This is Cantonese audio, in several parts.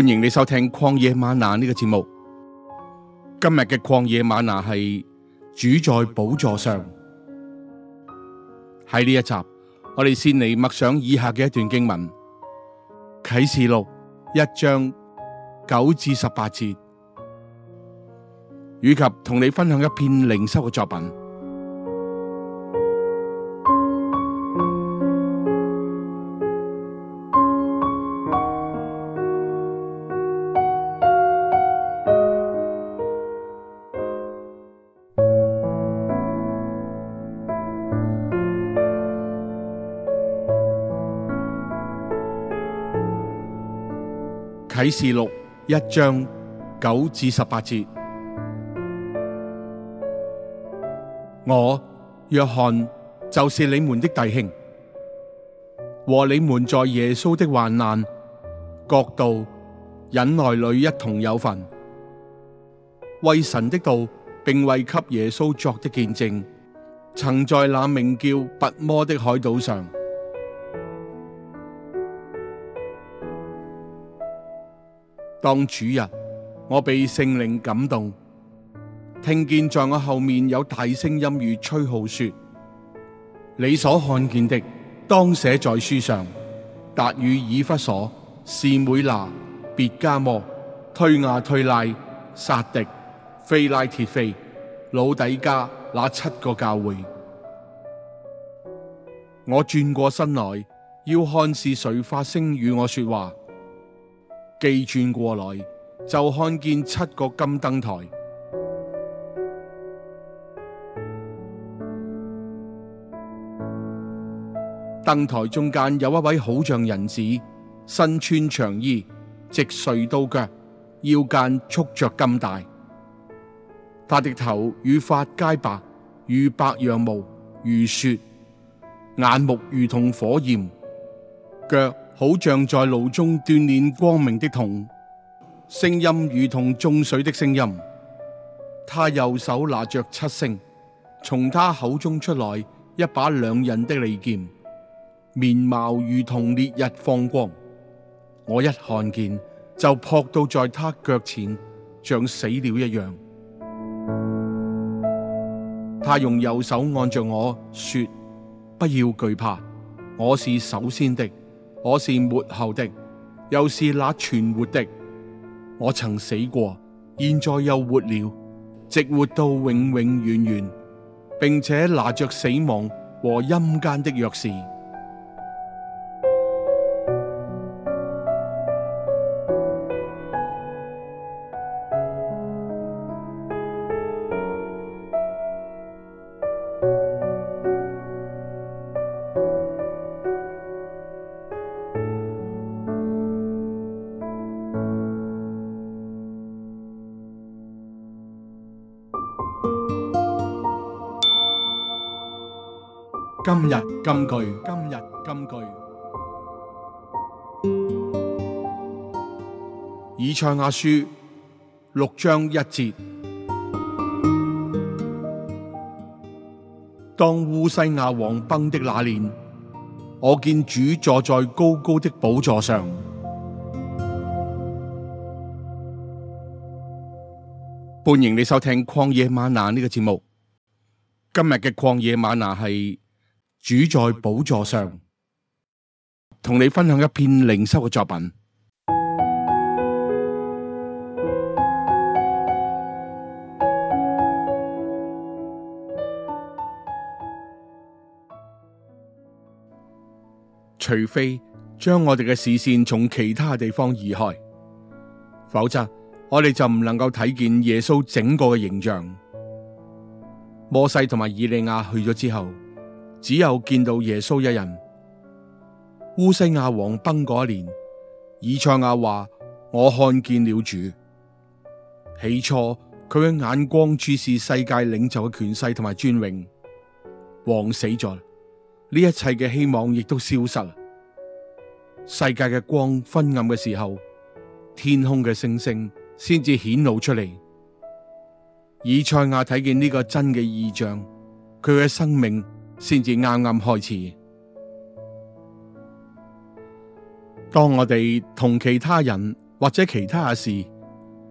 歡迎你收聽曠野嗎哪呢、這個節目。今日嘅曠野嗎哪係主在寶座上。喺呢一集，我哋先嚟默想以下嘅一段經文：啟示錄一章九至十八節，以及同你分享一篇靈修嘅作品。啟示錄一章九至十八節，我約翰就是你們的弟兄，和你們在耶穌的患難、國度、忍耐裏一同有份，為神的道，並為給耶穌作的見證，曾在那名叫拔摩的海島上。當主日，我被聖靈感動，聽見在我後面有大聲音如吹號說：你所看見的，當寫在書上。達與以弗所、士每拿、別迦摩、推雅推喇、撒狄、非拉鐵非、老底嘉那七個教會，我轉過身來要看是誰發聲與我說話。.既轉過來，就看見七個金燈台。燈台中間有一位好像人子，身穿長衣，直垂到腳，腰間束着金帶。他的頭與髮皆白，如白羊毛，如雪；眼目如同火焰，腳。好像在爐中鍛煉光明的銅，聲音如同眾水的聲音。他右手拿着七星，從他口中出來一把兩刃的利劍，面貌如同烈日放光。我一看見就撲到在他腳前，像死了一樣。他用右手按着我說：不要懼怕，我是首先的。我是末後的，又是那存活的。我曾死過，現在又活了，直活到永永遠遠，並且拿着死亡和陰間的鑰匙。今日金句，今日金句。以賽亞書六章一節。當烏西亞王崩的那年，我見主坐在高高的寶座上。歡迎你收聽曠野嗎哪呢、這個節目。今日嘅曠野嗎哪係。主在寶座上，同你分享一篇靈修嘅作品。除非將我哋嘅視線從其他地方移開，否則我哋就唔能夠睇見耶穌整個嘅形象。摩西同埋以利亞去咗之後。只有見到耶穌一人。烏西亞王崩嗰年，以賽亞話：我看見了主。起初佢嘅眼光注視世界領袖嘅權勢同埋尊榮，王死咗，呢一切嘅希望亦都消失。世界嘅光昏暗嘅時候，天空嘅星星先至顯露出嚟。以賽亞睇見呢個真嘅異象，佢嘅生命先至啱啱開始。當我哋同其他人或者其他嘅事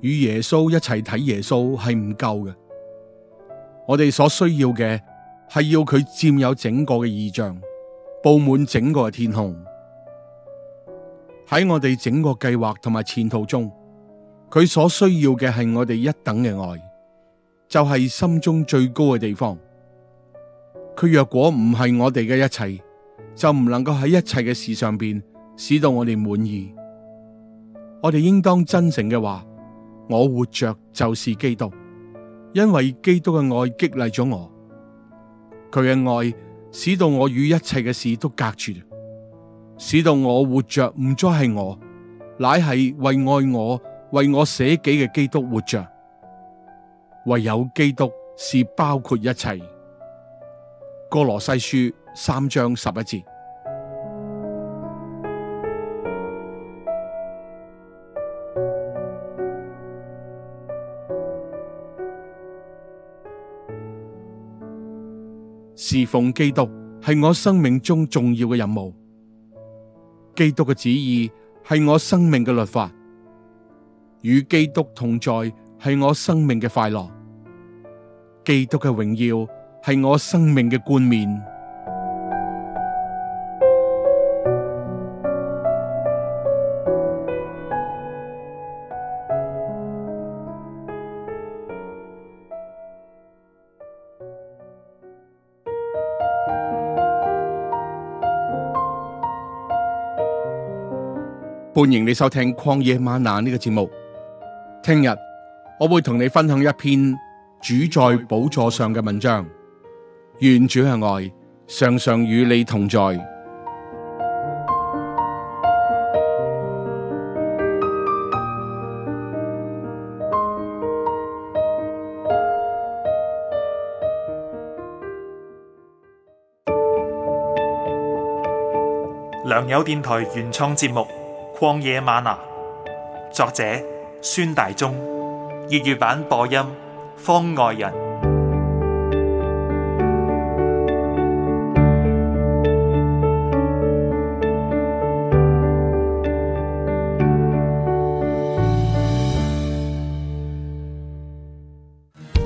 與耶穌一齊睇耶穌係唔夠嘅，我哋所需要嘅係要佢佔有整個嘅異象，布滿整個嘅天空。喺我哋整個計劃同埋前途中，佢所需要嘅係我哋一等嘅愛，就係心中最高嘅地方。佢若果唔係我哋嘅一切，就唔能夠喺一切嘅事上邊使到我哋滿意。我哋應當真誠嘅話，我活着就是基督，因為基督嘅愛激勵咗我。佢嘅愛使到我與一切嘅事都隔絕，使到我活着唔再係我，乃係為愛我、為我捨己嘅基督活着。唯有基督是包括一切。歌羅西書三章十一節，侍奉基督係我生命中重要嘅任務。基督嘅旨意係我生命嘅律法，與基督同在係我生命嘅快樂，基督嘅榮耀，係我生命嘅冠冕。歡迎你收聽曠野嗎哪呢個節目。聽日我會同你分享一篇主在寶座上嘅文章。願主向外，常常與你同在。良友電台原創節目《曠野嗎哪》，作者孫大中，粵語版播音方外人。